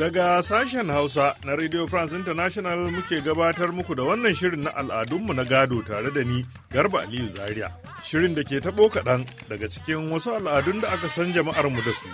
Daga sashen Hausa na Radio France International muke gabatar muku da wannan shirin na al'adunmu na gado tare da ni Garba Aliyu Zaria. Shirin da ke taɓo kaɗan daga cikin wasu al'adun da aka san jama'armu da su.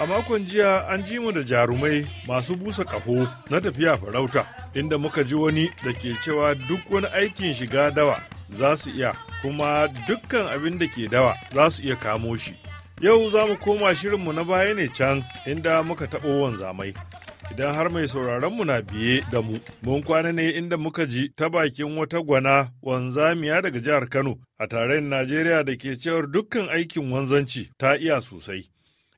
A makon jiya an ji mu da jarumai masu busa ƙaho na tafiya farauta, inda muka ji wani da ke cewa duk wani aikin shiga dawa za su iya, kuma dukkan abin da ke dawa za su iya kamo shi. Yau za mu koma shirinmu na baya ne can inda muka taɓo wanzamai. Idan har mai sauraronmu na biye da mu, mun kwana ne inda muka ji ta bakin wata gwana wanzamiya daga jihar Kano a tarayyar Najeriya da ke cewar dukkan aikin wanzanci ta iya sosai.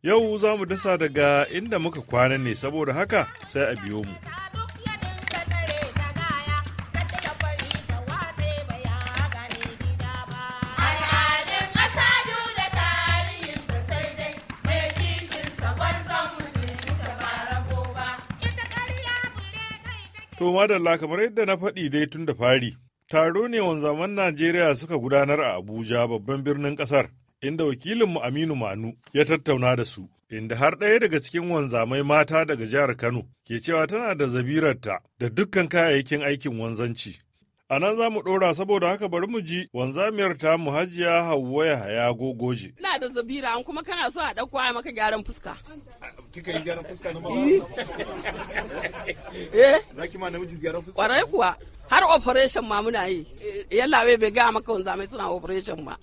Yau za mu dasa daga inda muka kwana ne saboda haka sai a biyo mu. To madalla kamar yadda na faɗi dai tun da fari. Taro ne wanzaman Najeriya suka gudanar a Abuja babban birnin ƙasar, inda wakilinmu Aminu Manu ya tattauna da su, inda har ɗaya daga cikin wanzamai mata daga jihar Kano ke cewa tana da zabirarta da dukkan kayayyakin aikin wanzanci. A nan za mu ɗora saboda haka bari mu ji wanzamiyar ta mu hajiya Hauwa haya Gogoje. Ina da zabira an kuma kana so a ɗauko a maka gyaran fuska. Kika yi gyaran fuska na eh? eh? Za ki ma namiji gyaran fuska? Ƙwarai kuwa. har operation ma muna yi eh, yallawe bai ga maka wanzamai suna operation ba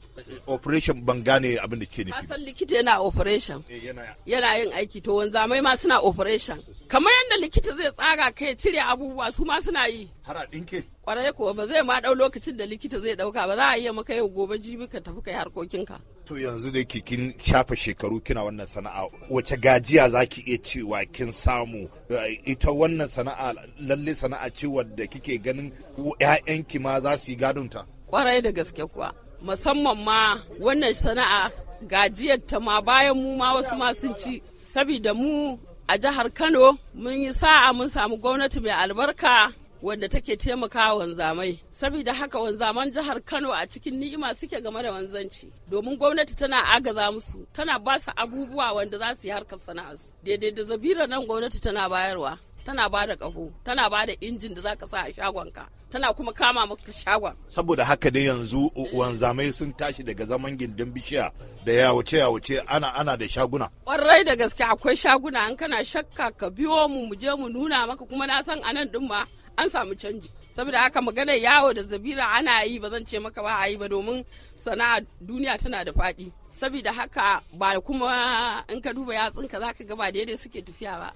operation ban gane abin da ke nufi Asan likita yana operation eh, yana yin aiki to wanzamai ma suna operation kamar yadda likita zai tsaga kai cire abubuwa su ma suna yi har a ɗinke. kwarai kuwa ba zai ma dau lokacin da likita zai dauka ba za a iya maka yau gobe jibi ka tafi kai harkokinka to yanzu da ke kin shafa shekaru kina wannan sana'a wace gajiya za ki iya cewa kin samu eh, ita wannan sana'a lalle sana'a ce wadda kike ganin 'ya'yanki ma za su yi gadonta kwarai da gaske kuwa musamman ma wannan sana'a gajiyar ta ma bayan mu ma wasu ma sun ci sabida mu a jihar kano mun yi sa'a mun samu gwamnati mai albarka wanda take taimakawa wanzamai saboda haka wanzaman jihar kano a cikin ni'ima suke game da wanzanci domin gwamnati tana agaza musu tana ba su abubuwa wanda za su yi harkar sana'arsu daidai da zabira nan gwamnati tana bayarwa tana ba da ƙaho tana ba da injin da za ka sa a shagonka tana kuma kama maka shagon. saboda haka dai yanzu wanzamai sun tashi daga zaman gindin bishiya da yawace yawace ana ana da shaguna ƙwarai da gaske akwai shaguna an kana shakka ka biyo mu mu je mu nuna maka kuma na san anan din ma an samu canji saboda haka magana yawo da zabira ana yi ba zan ce maka ba a yi ba domin sana'a duniya tana da faɗi saboda haka ba kuma in ka duba yatsunka za ka ga ba daidai suke tafiya ba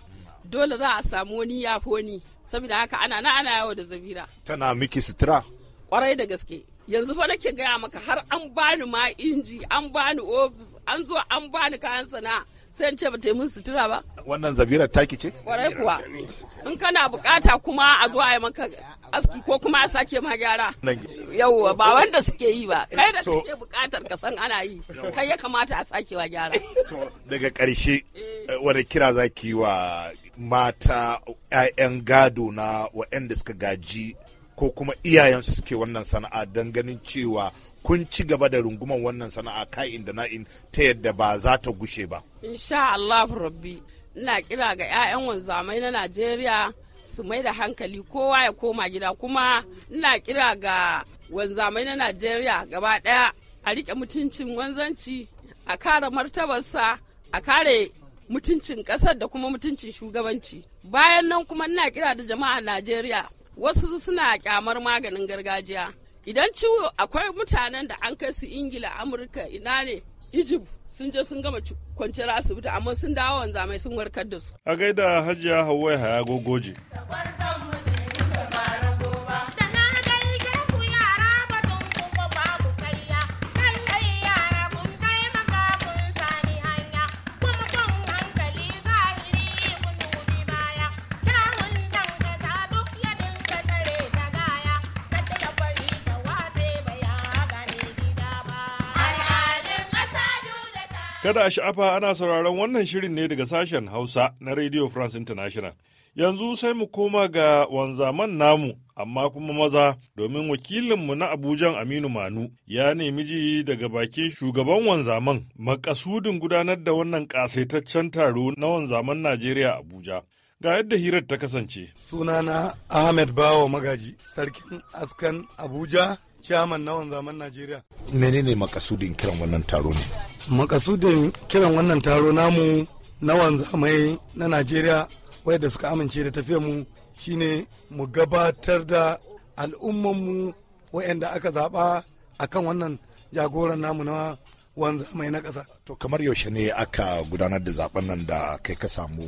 dole za a samu wani yafo ni saboda haka ana na ana yawo da zabira tana miki sutura kwarai da gaske yanzu fa nake gaya maka har an bani ma inji an bani ofis an zo an bani kayan sana'a sai in ce ba taimun sutura ba wannan zabirar taki ce kwarai kuwa in kana bukata kuma a zo a yi maka aski ko kuma a sake ma gyara yauwa ba wanda suke yi ba kai da suke bukatar ka san ana yi kai ya kamata a sake wa gyara daga karshe eh, wani kira zaki ki wa mata 'ya'yan gado na waɗanda suka gaji ko kuma iyayensu suke wannan sana'a don ganin cewa kun ci gaba da runguman wannan sana'a ka'in da na'in ta yadda ba za ta gushe ba. Insha Allah rabbi ina kira ga 'ya'yan wanzamai na Najeriya su mai da hankali kowa ya koma gida kuma ina kira ga wanzamai na Najeriya gaba ɗaya a rike mutuncin wanzanci a kare martabarsa a kare mutuncin ƙasar da kuma mutuncin shugabanci. Bayan nan kuma ina kira da jama'a Najeriya wasu suna kyamar maganin gargajiya idan ciwo akwai mutanen da an kai su ingila amurka ina ne egypt sun je sun gama kwanciyar asibiti amma sun dawo wanzamai sun warkar da su a gaida hajiya hawaii haya gogoji Kada a sha'afa ana sauraron wannan shirin ne daga sashen Hausa na Radio France International. Yanzu sai mu koma ga wanzaman namu, amma kuma maza domin wakilinmu na Abujan Aminu Manu ya nemi ji daga bakin shugaban wanzaman makasudin gudanar da wannan ƙasaitaccen taro na wanzaman Najeriya Abuja. ga yadda hirar ta kasance. Sunana Ahmed Bawo Magaji, sarkin askan Abuja, ciyaman nawan zaman Najeriya. Menene makasudin kiran wannan taro ne? Makasudin kiran wannan taro namu na wanzamai na Najeriya da suka amince da tafiyar mu shine mu gabatar da al'ummanmu wayanda aka zaba akan wannan jagoran namu na wanzamai na ƙasa. To kamar yaushe ne aka gudanar da zaben nan da kai ka samu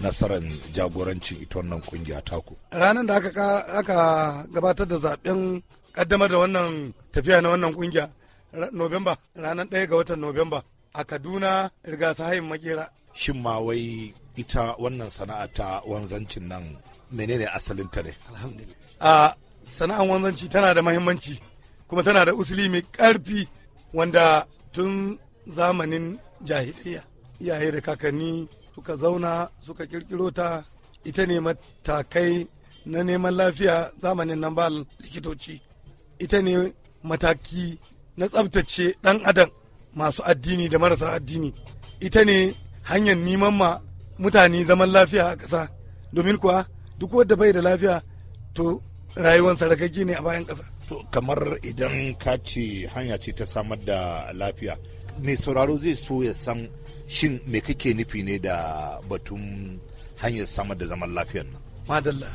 nasarar jagorancin ita wannan kungiya taku? Ranar da aka gabatar da zaben kaddamar da wannan tafiya na wannan kungiya Nobamba ranar ɗaya ga watan Nobamba a Kaduna Rigasahayin Makera. Shin ma wai ita wannan sana'a ta wanzancin nan menene asalin ta ne? Alhamdulillah. sana'an wanzanci tana da muhimmanci kuma tana da usuli mai ƙarfi wanda tun zamanin jahiliya iyaye da kakanni suka zauna suka kirkiro ta ita ne matakai na neman lafiya zamanin nan ba likitoci ita ne mataki na tsabtace dan adam masu addini da marasa addini ita ne hanyar neman ma mutane zaman lafiya a ƙasa domin kuwa duk wadda bai da lafiya to rayuwar rakaki ne a bayan ƙasa kamar idan ka ce hanya ce ta samar da lafiya mai sauraro zai so ya san shin me kake nufi ne da batun hanyar samar da zaman lafiyar nan madalla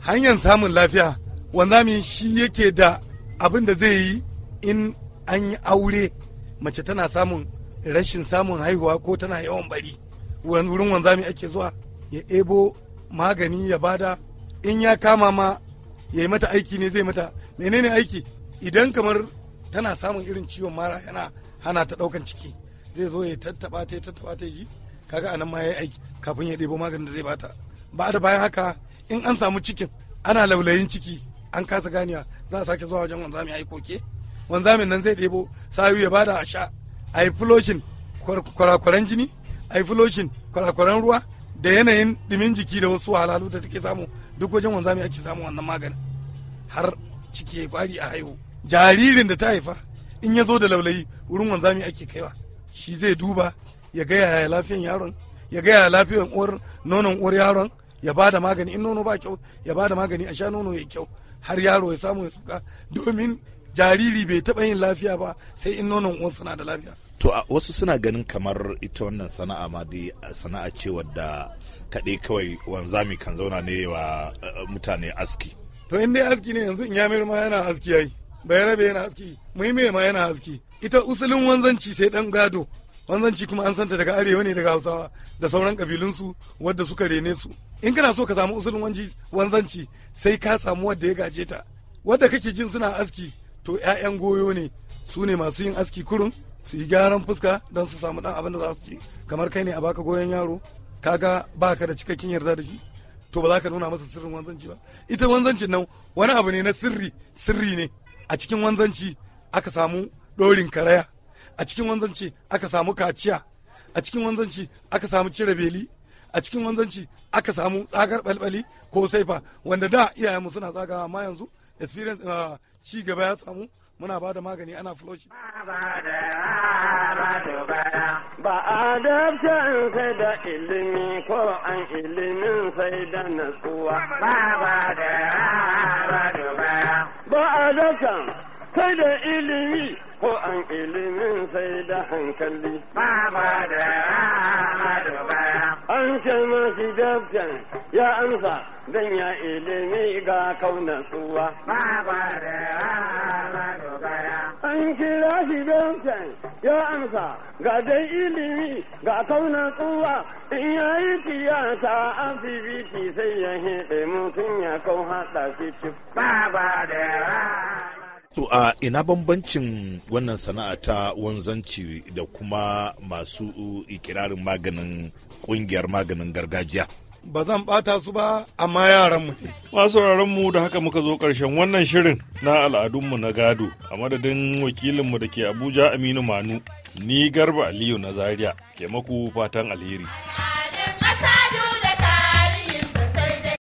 hanyar samun lafiya wanzami shi yake da abin da zai yi in an yi aure mace tana samun rashin samun haihuwa ko tana yawan bari wurin wanzami ake zuwa ya ebo magani ya bada in ya kama ma ya yi mata aiki ne zai mata menene aiki idan kamar tana samun irin ciwon mara yana hana ta ɗaukan ciki zai zo ya tattaɓa ta tattaɓa ta ji kaga anan ma ya aiki kafin ya ɗebo maganin da zai bata ba da bayan haka in an samu cikin ana laulayin ciki an kasa ganiya za a sake zuwa wajen wanzami ai koke wanzamin nan zai ɗebo sayu ya bada a sha a yi fuloshin kwarakwaran jini a yi fuloshin kwarakwaran ruwa da yanayin dimin jiki da wasu halalu da take samu duk wajen wanzami ake samu wannan maganin har ciki ya fari a haihu jaririn da ta haifa in ya zo da laulayi wurin wanzami ake kaiwa shi zai duba ya gaya yaya lafiyan yaron ya ga yaya lafiyan uwar nonon uwar yaron ya bada magani in nono ba kyau ya bada magani a sha nono ya kyau har yaro ya samu ya suka domin jariri bai taɓa yin lafiya ba sai in nonon uwarsa na da lafiya to wasu suna ganin kamar ita wannan sana'a ma dai sana'a ce wadda kaɗai kawai wanzami kan zauna ne wa mutane aski to in dai aski ne yanzu in ya ma yana aski yayi rabe yana aski muhimme ma yana aski ita usulin wanzanci sai dan gado wanzanci kuma an santa daga arewa ne daga hausawa da sauran kabilunsu wadda suka rene su in kana so ka samu usulin wanzanci sai ka samu wadda ya gaje ta wadda kake jin suna aski to 'ya'yan goyo ne su ne masu yin aski kurun su yi gyaran fuska don su samu dan abin da za su ci kamar kai ne a baka goyon yaro ka kaga baka da cikakken yarda da shi to ba za ka nuna masa sirrin wanzanci ba ita wanzancin nan wani abu ne na sirri sirri ne a cikin wanzanci aka samu ɗorin karaya a cikin wanzanci aka samu kaciya a cikin wanzanci aka samu cire beli a cikin wanzanci aka samu tsagar balbali ko saifa wanda da iyayenmu suna tsagawa amma yanzu experience ah, ci gaba ya samu muna ba da magani ana floshi. ba adabtan sai da ilimi ko an ilimin sai da natsuwa ba ba da ba adabtan sai da ilimi ko an ilimin sai da hankali ba ba da an shan masu dabtan ya amsa don ya ilimi ga kaunatsuwa ba ba da an kira shi bentan ya amsa ga dai ilimi ga kaunar tsuwa in ya yi tiyata asibiti sai ya hebe mutum ya kau hada shi ci ba da yara. To a ina bambancin wannan sana'a ta wanzanci da kuma masu ikirarin maganin ƙungiyar maganin gargajiya? ba zan bata su ba amma yaran mu ne masu mu da haka muka zo karshen wannan shirin na al'adunmu na gado a madadin wakilinmu da ke abuja aminu manu ni garba aliyu na zaria ke maku fatan alheri